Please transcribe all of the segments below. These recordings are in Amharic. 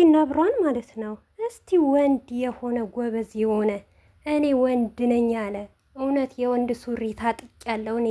ሩቲና ብሯን ማለት ነው። እስቲ ወንድ የሆነ ጎበዝ የሆነ እኔ ወንድ ነኝ አለ እውነት የወንድ ሱሪ ታጥቅ ያለው እኔ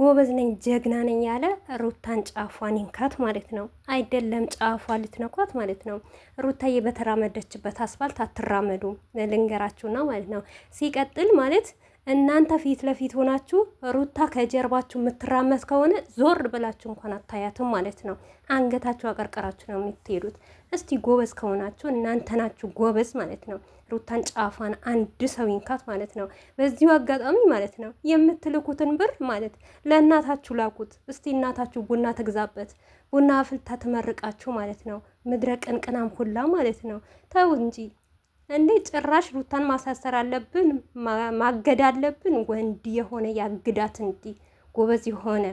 ጎበዝ ነኝ ጀግና ነኝ ያለ ሩታን ጫፏን ይንካት ማለት ነው። አይደለም ጫፏ ልትነኳት ማለት ነው። ሩታዬ በተራመደችበት አስፋልት አትራመዱ ልንገራችሁና ማለት ነው ሲቀጥል ማለት እናንተ ፊት ለፊት ሆናችሁ ሩታ ከጀርባችሁ የምትራመስ ከሆነ ዞር ብላችሁ እንኳን አታያትም ማለት ነው። አንገታችሁ አቀርቀራችሁ ነው የምትሄዱት። እስቲ ጎበዝ ከሆናችሁ እናንተ ናችሁ ጎበዝ ማለት ነው። ሩታን ጫፏን አንድ ሰው ይንካት ማለት ነው። በዚሁ አጋጣሚ ማለት ነው የምትልኩትን ብር ማለት ለእናታችሁ ላኩት። እስቲ እናታችሁ ቡና ትግዛበት፣ ቡና አፍልታ ትመርቃችሁ ማለት ነው። ምድረ ቅንቅናም ሁላ ማለት ነው። ተው እንጂ እንዴ ጭራሽ ሩታን ማሳሰር አለብን፣ ማገድ አለብን። ወንድ የሆነ ያግዳት እንዲ ጎበዝ የሆነ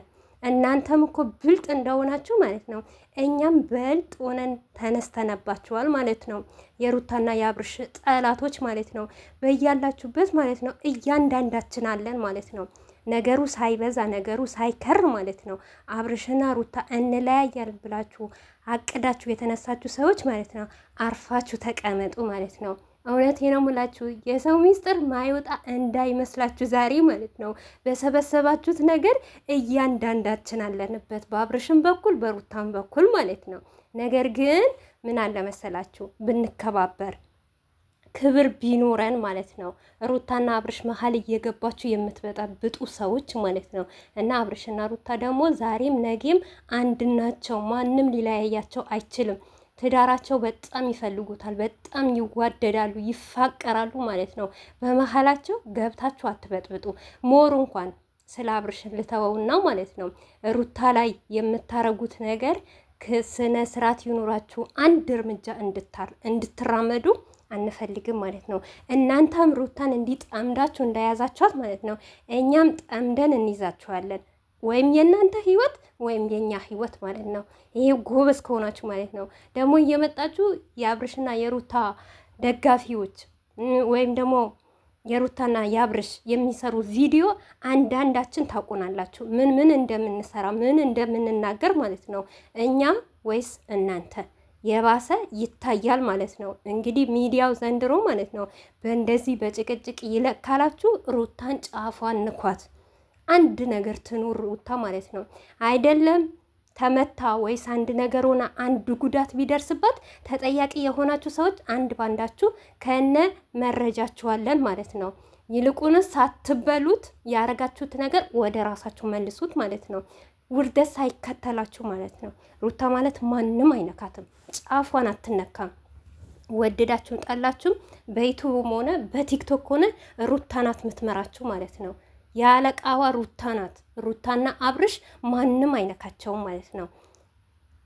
እናንተም እኮ ብልጥ እንደሆናችሁ ማለት ነው። እኛም በልጥ ሆነን ተነስተነባችኋል ማለት ነው። የሩታና የአብርሽ ጠላቶች ማለት ነው። በያላችሁበት ማለት ነው። እያንዳንዳችን አለን ማለት ነው። ነገሩ ሳይበዛ ነገሩ ሳይከር ማለት ነው። አብርሽና ሩታ እንለያያል ብላችሁ አቅዳችሁ የተነሳችሁ ሰዎች ማለት ነው አርፋችሁ ተቀመጡ ማለት ነው። እውነቴ ነው የምላችሁ የሰው ሚስጥር ማይወጣ እንዳይመስላችሁ ዛሬ ማለት ነው በሰበሰባችሁት ነገር እያንዳንዳችን አለንበት፣ በአብርሽም በኩል በሩታም በኩል ማለት ነው። ነገር ግን ምን አለመሰላችሁ ብንከባበር ክብር ቢኖረን ማለት ነው። ሩታና አብርሽ መሀል እየገባችሁ የምትበጣብጡ ሰዎች ማለት ነው። እና አብርሽና ሩታ ደግሞ ዛሬም ነገም አንድ ናቸው። ማንም ሊለያያቸው አይችልም። ትዳራቸው በጣም ይፈልጉታል፣ በጣም ይዋደዳሉ፣ ይፋቀራሉ ማለት ነው። በመሀላቸው ገብታችሁ አትበጥብጡ። ሞር እንኳን ስለ አብርሽን ልተወውና ማለት ነው ሩታ ላይ የምታረጉት ነገር ስነ ስርዓት ይኑራችሁ። አንድ እርምጃ እንድታር እንድትራመዱ አንፈልግም ማለት ነው። እናንተም ሩታን እንዲህ ጠምዳችሁ እንዳያዛችኋት ማለት ነው። እኛም ጠምደን እንይዛችኋለን። ወይም የእናንተ ህይወት ወይም የእኛ ህይወት ማለት ነው። ይሄ ጎበዝ ከሆናችሁ ማለት ነው። ደግሞ እየመጣችሁ የአብርሽና የሩታ ደጋፊዎች ወይም ደግሞ የሩታና የአብርሽ የሚሰሩ ቪዲዮ አንዳንዳችን ታውቁናላችሁ፣ ምን ምን እንደምንሰራ ምን እንደምንናገር ማለት ነው። እኛም ወይስ እናንተ? የባሰ ይታያል ማለት ነው። እንግዲህ ሚዲያው ዘንድሮ ማለት ነው በእንደዚህ በጭቅጭቅ ይለካላችሁ። ሩታን ጫፏን ንኳት፣ አንድ ነገር ትኑር ሩታ ማለት ነው አይደለም ተመታ ወይስ አንድ ነገር ሆና አንድ ጉዳት ቢደርስበት ተጠያቂ የሆናችሁ ሰዎች አንድ ባንዳችሁ ከነ መረጃችኋለን ማለት ነው። ይልቁንስ ሳትበሉት ያረጋችሁት ነገር ወደ ራሳችሁ መልሱት ማለት ነው። ውርደት ሳይከተላችሁ ማለት ነው። ሩታ ማለት ማንም አይነካትም፣ ጫፏን አትነካም። ወደዳችሁም ጠላችሁም በዩቱብም ሆነ በቲክቶክ ሆነ ሩታ ናት የምትመራችሁ ማለት ነው። የአለቃዋ ሩታ ናት። ሩታና አብርሽ ማንም አይነካቸውም ማለት ነው።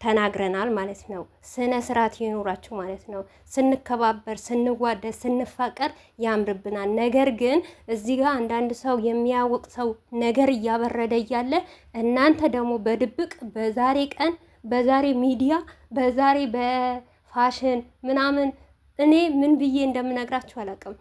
ተናግረናል ማለት ነው። ስነ ስርዓት ይኖራችሁ ማለት ነው። ስንከባበር፣ ስንዋደድ፣ ስንፋቀር ያምርብናል። ነገር ግን እዚህ ጋር አንዳንድ ሰው የሚያውቅ ሰው ነገር እያበረደ እያለ እናንተ ደግሞ በድብቅ በዛሬ ቀን በዛሬ ሚዲያ በዛሬ በፋሽን ምናምን እኔ ምን ብዬ እንደምነግራችሁ አላውቅም።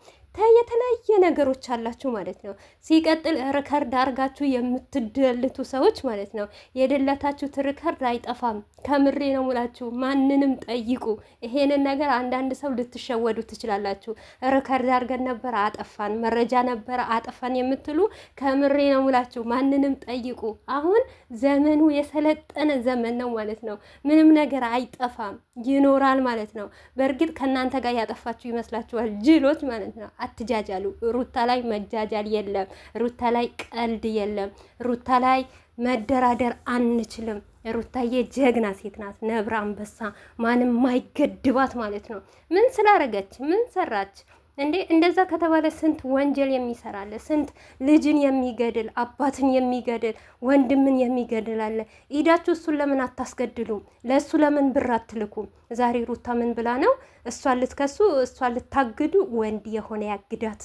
የተለያየ ነገሮች አላችሁ ማለት ነው። ሲቀጥል ሪከርድ አርጋችሁ የምትደልቱ ሰዎች ማለት ነው። የደለታችሁት ሪከርድ አይጠፋም። ከምሬ ነው ሙላችሁ። ማንንም ጠይቁ ይሄንን ነገር። አንዳንድ ሰው ልትሸወዱ ትችላላችሁ። ሪከርድ አርገን ነበር አጠፋን፣ መረጃ ነበረ አጠፋን የምትሉ ከምሬ ነው ሙላችሁ። ማንንም ጠይቁ። አሁን ዘመኑ የሰለጠነ ዘመን ነው ማለት ነው። ምንም ነገር አይጠፋም፣ ይኖራል ማለት ነው። በእርግጥ ከእናንተ ጋር ያጠፋችሁ ይመስላችኋል ጅሎች ማለት ነው። አትጃጃሉ። ሩታ ላይ መጃጃል የለም። ሩታ ላይ ቀልድ የለም። ሩታ ላይ መደራደር አንችልም። ሩታዬ ጀግና ሴት ናት፣ ነብረ አንበሳ፣ ማንም ማይገድባት ማለት ነው። ምን ስላረገች ምን ሰራች? እንዴ እንደዛ ከተባለ ስንት ወንጀል የሚሰራለ ስንት ልጅን የሚገድል አባትን የሚገድል ወንድምን የሚገድል አለ። ኢዳችሁ እሱን ለምን አታስገድሉም? ለእሱ ለምን ብር አትልኩም? ዛሬ ሩታ ምን ብላ ነው እሷ ልትከሱ እሷ ልታግዱ? ወንድ የሆነ ያግዳት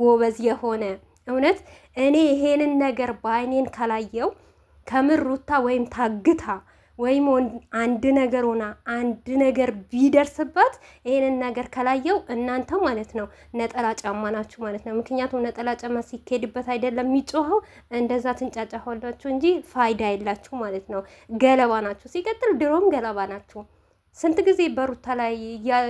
ጎበዝ የሆነ እውነት። እኔ ይሄንን ነገር በአይኔን ከላየው ከምር ሩታ ወይም ታግታ ወይም አንድ ነገር ሆና አንድ ነገር ቢደርስባት ይሄንን ነገር ከላየው እናንተ ማለት ነው ነጠላ ጫማ ናችሁ ማለት ነው። ምክንያቱም ነጠላ ጫማ ሲካሄድበት አይደለም የሚጮኸው እንደዛ ትንጫጫኋላችሁ እንጂ ፋይዳ የላችሁ ማለት ነው። ገለባ ናችሁ። ሲቀጥል ድሮም ገለባ ናችሁ። ስንት ጊዜ በሩታ ላይ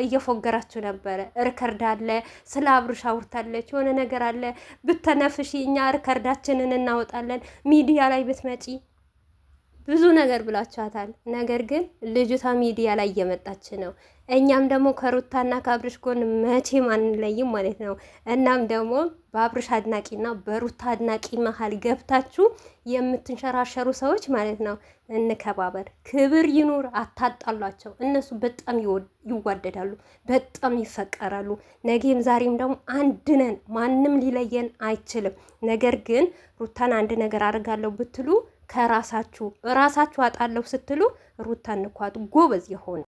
እየፎገራችሁ ነበረ። ርከርድ አለ፣ ስለ አብርሽ አውርታለች፣ የሆነ ነገር አለ ብተነፍሽ እኛ ሪከርዳችንን እናወጣለን። ሚዲያ ላይ ብትመጪ ብዙ ነገር ብላችኋታል። ነገር ግን ልጅቷ ሚዲያ ላይ እየመጣች ነው። እኛም ደግሞ ከሩታና ከአብርሽ ጎን መቼም አንለይም ማለት ነው። እናም ደግሞ በአብርሽ አድናቂና በሩታ አድናቂ መሀል ገብታችሁ የምትንሸራሸሩ ሰዎች ማለት ነው፣ እንከባበር፣ ክብር ይኑር፣ አታጣሏቸው። እነሱ በጣም ይዋደዳሉ፣ በጣም ይፈቀራሉ። ነገም ዛሬም ደግሞ አንድ ነን፣ ማንም ሊለየን አይችልም። ነገር ግን ሩታን አንድ ነገር አድርጋለሁ ብትሉ ከራሳችሁ ራሳችሁ አጣለሁ ስትሉ ሩታን እንኳን ጎበዝ የሆነ